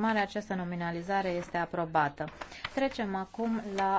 urmare, această nominalizare este aprobată. Trecem acum la